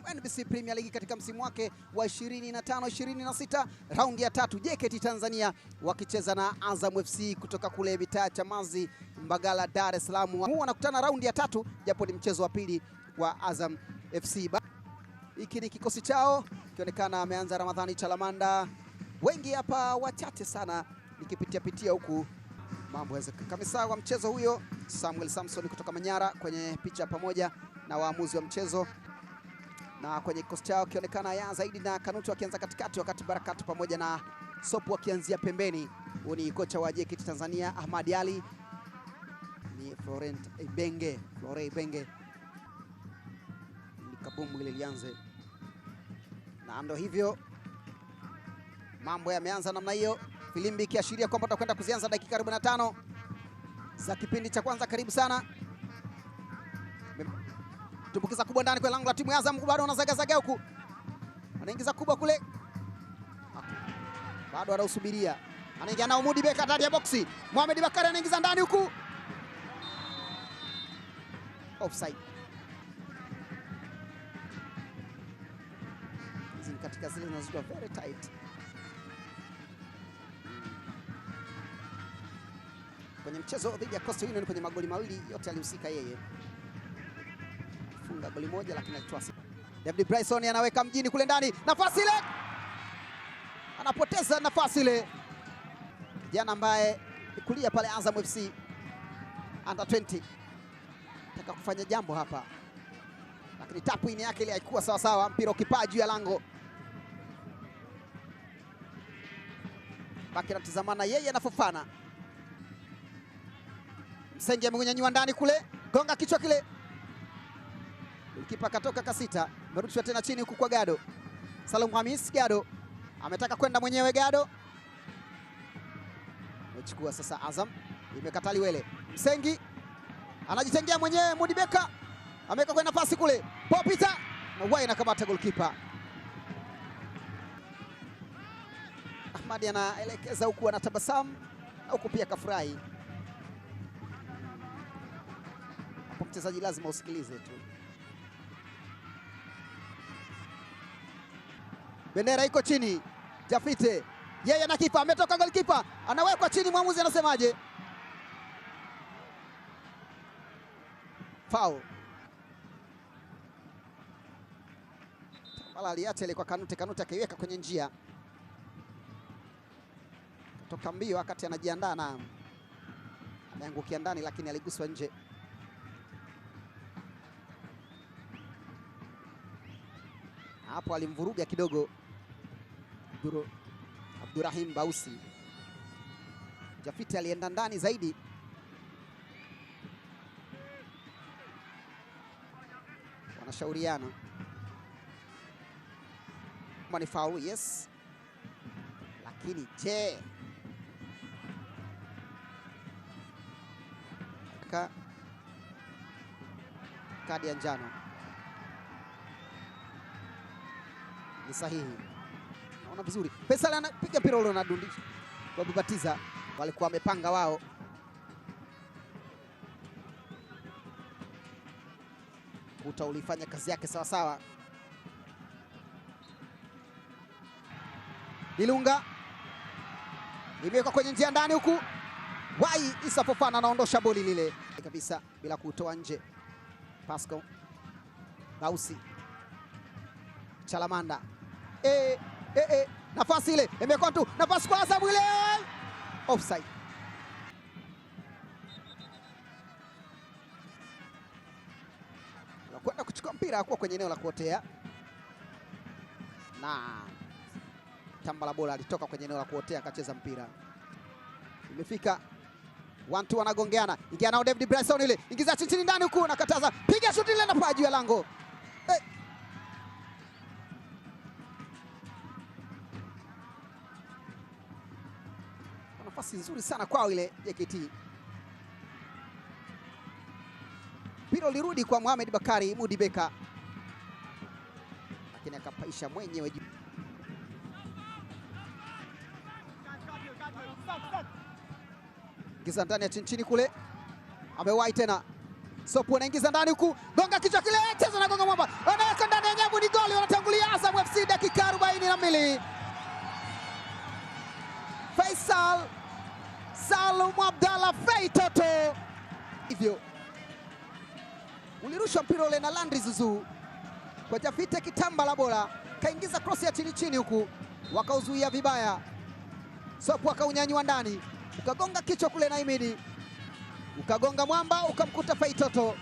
NBC Premier League katika msimu wake wa 25 26, raundi ya tatu, JKT Tanzania wakicheza na Azam FC kutoka kule mitaa Chamazi, Mbagala, Dar es Salaam. Wanakutana raundi ya tatu, japo ni mchezo wa pili wa Azam FC. Hiki ni kikosi chao, kionekana ameanza Ramadhani Chalamanda. Wengi hapa wachache sana, nikipitia pitia huku mambo yaweze kabisa. Wa mchezo huyo Samuel Samson kutoka Manyara kwenye picha pamoja na waamuzi wa mchezo na kwenye kikosi chao akionekana ya zaidi na Kanuto akianza katikati, wakati Barakatu pamoja na Sopu akianzia pembeni. Huyu ni kocha wa JKT Tanzania Ahmad Ali, ni Florent Ibenge, Flore Ibenge, kabumbu ile lianze, na ndo hivyo mambo yameanza namna hiyo, filimbi ikiashiria kwamba tutakwenda kuzianza dakika 45 za kipindi cha kwanza. Karibu sana tumbukiza kubwa ndani kwa lango la timu ya Azam, bado wanazagazaga huku, anaingiza kubwa kule, bado anausubiria, anaingia nao Mudi Beka ndani ya boksi, Mohamed Bakari anaingiza ndani huku, offside. Hizi katika zile zinazozua very tight kwenye mchezo dhidi ya Coastal Union, kwenye magoli mawili yote alihusika yeye kafunga goli moja lakini alitoa. David Bryson anaweka mjini kule ndani, nafasi ile anapoteza nafasi ile. Kijana ambaye kulia pale Azam FC under 20 taka kufanya jambo hapa, lakini tapu ini yake ile haikuwa sawa sawa, mpira ukipaa juu ya lango Baki anatizamana yeye anafofana. Msenge amenyanyua ndani kule, gonga kichwa kile. Kipa katoka kasita, merudishwa tena chini huku kwa Gado. Salum Hamis Gado ametaka kwenda mwenyewe, Gado amechukua sasa. Azam imekataliwa ile, Msengi anajitengea mwenyewe, Mudibeka ameweka kwenda nafasi kule, Popita Mauai nakamata golkipa Ahmadi anaelekeza huku, anatabasamu na huku pia kafurahi. Hapo mchezaji lazima usikilize tu. bendera iko chini. Jafite yeye na kipa ametoka, golikipa anawekwa chini, mwamuzi anasemaje? Foul. Tambala aliacha ile kwa Kanute, Kanute akaiweka kwenye njia, katoka mbio wakati anajiandaa na ameangukia ndani, lakini aliguswa nje. Hapo alimvuruga kidogo. Abdur, Abdurahim Bausi. Jafiti alienda ndani zaidi, wanashauriana kama ni faulu. Yes, lakini je, ka kadi ya njano ni sahihi. Ona vizuri. Faisal anapiga mpira ule unadundisha. kwa Batiza walikuwa wamepanga wao. Kuta ulifanya kazi yake sawa sawa. Ilunga imewekwa kwenye njia ndani huku Wai Isa Fofana anaondosha boli lile kabisa bila kutoa nje. Pascal Bausi Chalamanda eh eh, eh, nafasi ile imekuwa tu nafasi kwa Azam ile offside. Kwenda kuchukua mpira akuwa kwenye eneo la kuotea na tamba la bola alitoka kwenye eneo la kuotea akacheza mpira, imefika wantu wanagongeana, ingia nao David Bryson ile ingiza chini ndani huku, nakataza piga shuti lile na paa juu ya lango eh. Pasi nzuri sana kwao ile JKT. Mpira ulirudi kwa Mohamed Bakari Mudibeka, lakini akapaisha mwenyewe. Ingiza ndani ya chini kule, amewahi tena Sopu anaingiza ndani huku, gonga kichwa kile, cheza na gonga mwamba, anaweka ndani ya nyavu, ni goli. Wanatangulia Azam FC dakika 42 Faisal Salum Abdalla Fei Toto, hivyo ulirushwa mpira ule na Landry Zuzu kwa Jafite Kitamba la bola, kaingiza krosi ya chini chini huku wakauzuia vibaya. Sopu akaunyanyua ndani, ukagonga kichwa kule na Imidi, ukagonga mwamba ukamkuta Fei Toto.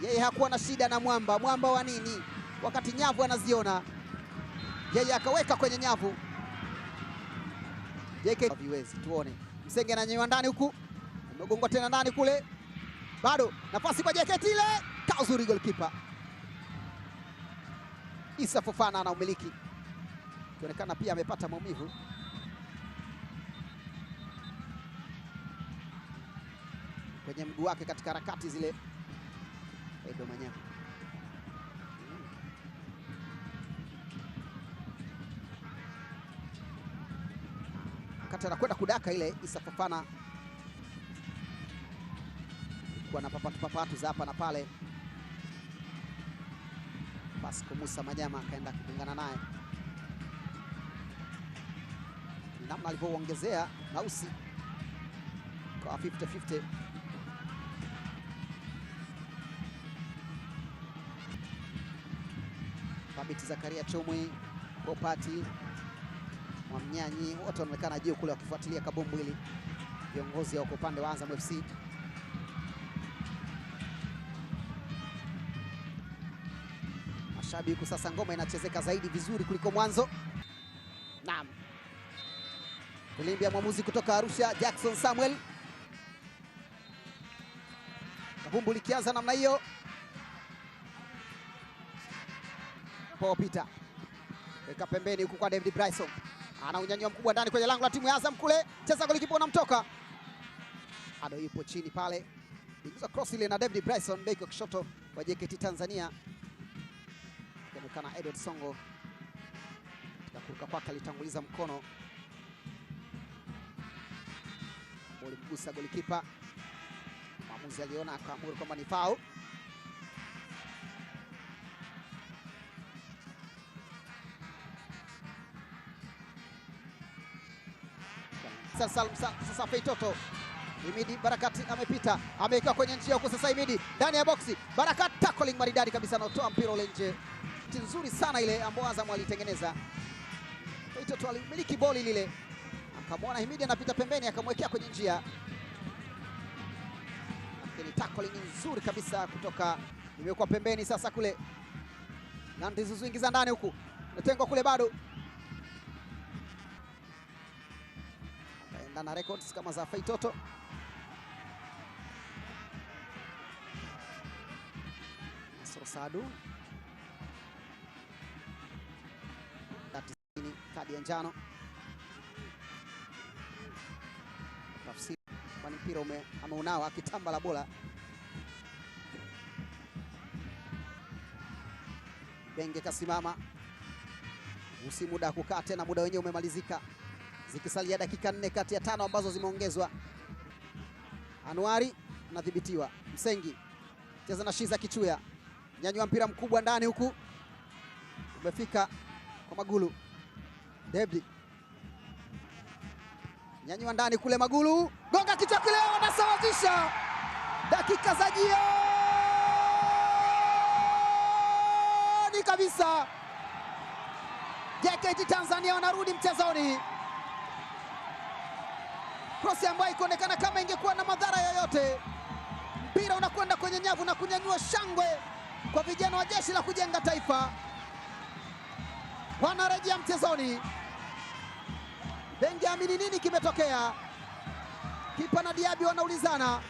Yeye hakuwa na shida na mwamba, mwamba wa nini wakati nyavu anaziona yeye, akaweka kwenye nyavu JK viwezi tuone. Msenge ananyanyua ndani huku. Amegongwa tena ndani kule. Bado nafasi kwa JK ile. Kauzuri goalkeeper. Isa Fofana ana umiliki. Kionekana pia amepata maumivu. Kwenye mguu wake katika harakati zile. Edo Manyango. anakwenda kudaka ile Isafafana kuwa na papatu papatu za hapa na pale. Pasco Musa Manyama akaenda kupingana naye, namna alivyoongezea Nausi kwa 50 50 Thabiti Zakaria kwa upati Mwamnyanyi wote wanaonekana juu kule wakifuatilia kabumbu hili, viongozi wa upande wa Azam FC. Mashabi sasa, ngoma inachezeka zaidi vizuri kuliko mwanzo. Naam, kulimbia mwamuzi kutoka Arusha Jackson Samuel. Kabumbu likianza namna hiyo, Paul Peter weka pembeni huku kwa David Bryson ana unyanyua mkubwa ndani kwenye lango la timu ya Azam kule, cheza golikipa unamtoka. Ado yupo chini pale, ingiza cross ile na David Bryson, beki wa kushoto wa JKT Tanzania. Akionekana Edward Songo katika kuruka kwake, alitanguliza mkono, boli golikipa, mwamuzi aliona akaamuru kwamba ni foul. sasa, sasa Feitoto Imidi Barakati amepita amewekewa kwenye njia huko sasa, Imidi ndani ya boksi. Barakati tackling maridadi kabisa, anatoa mpira ule nje, nzuri sana ile ambao Azam alitengeneza. Feitoto alimiliki boli lile, akamwona Imidi anapita pembeni, akamwekea kwenye njia, lakini tackling nzuri kabisa kutoka, imewekwa pembeni sasa kule, Nandizuzu ingiza ndani huku natengwa kule bado Ghana Records kama za Faitoto. Nasoro Sadu datisini kadi ya njano tafsiri, kwani mpira ameunawa akitamba la bola Benge kasimama, usi muda kukaa tena, muda wenyewe umemalizika zikisalia dakika nne kati ya tano ambazo zimeongezwa. Anuari anadhibitiwa, Msengi cheza na Shiza Kichuya, nyanyua mpira mkubwa ndani, huku umefika kwa Magulu. Debdi nyanyua ndani kule, Magulu gonga kichwa kile, wanasawazisha dakika za jioni kabisa. JKT Tanzania wanarudi mchezoni. Krosi ambayo ikionekana kama ingekuwa na madhara yoyote. Mpira unakwenda kwenye nyavu na kunyanyua shangwe kwa vijana wa Jeshi la Kujenga Taifa, wanarejea mchezoni. Benjamin, nini kimetokea? Kipa na diabi wanaulizana.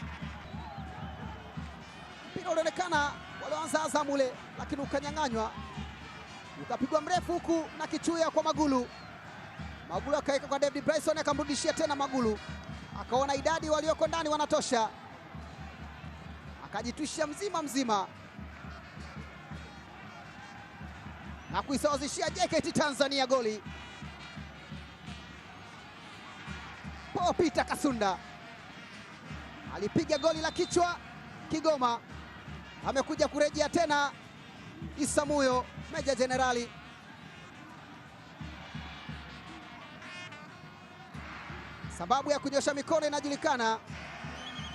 Mpira ulionekana walioanza azamule ule, lakini ukanyang'anywa ukapigwa mrefu huku na kichuya kwa magulu. Magulu akaweka kwa David Bryson akamrudishia tena Magulu, akaona idadi walioko ndani wanatosha, akajitwisha mzima mzima na kuisawazishia JKT Tanzania goli. Paul Peter Kasunda alipiga goli la kichwa Kigoma, amekuja kurejea tena Isamuyo Meja Jenerali Sababu ya kunyosha mikono inajulikana,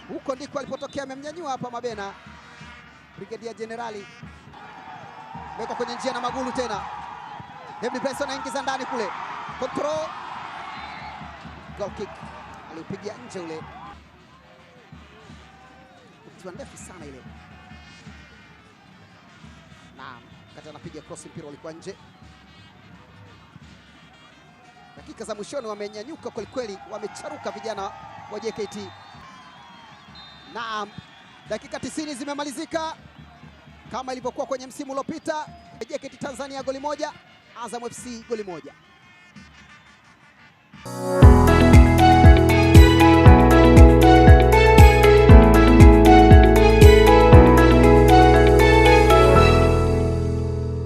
huko ndiko alipotokea. Amemnyanyua hapa Mabena, Brigedia Jenerali mewekwa kwenye njia na Magulu tena. David Bryson anaingiza ndani kule, control goal kick aliupigia nje ule, mtua ndefu sana ile. Naam, kati anapiga cross, mpira ulikuwa nje dakika za mwishoni wamenyanyuka kwelikweli, wamecharuka vijana wa JKT. Naam, dakika 90 zimemalizika kama ilivyokuwa kwenye msimu uliopita. JKT Tanzania goli moja, Azam FC goli moja.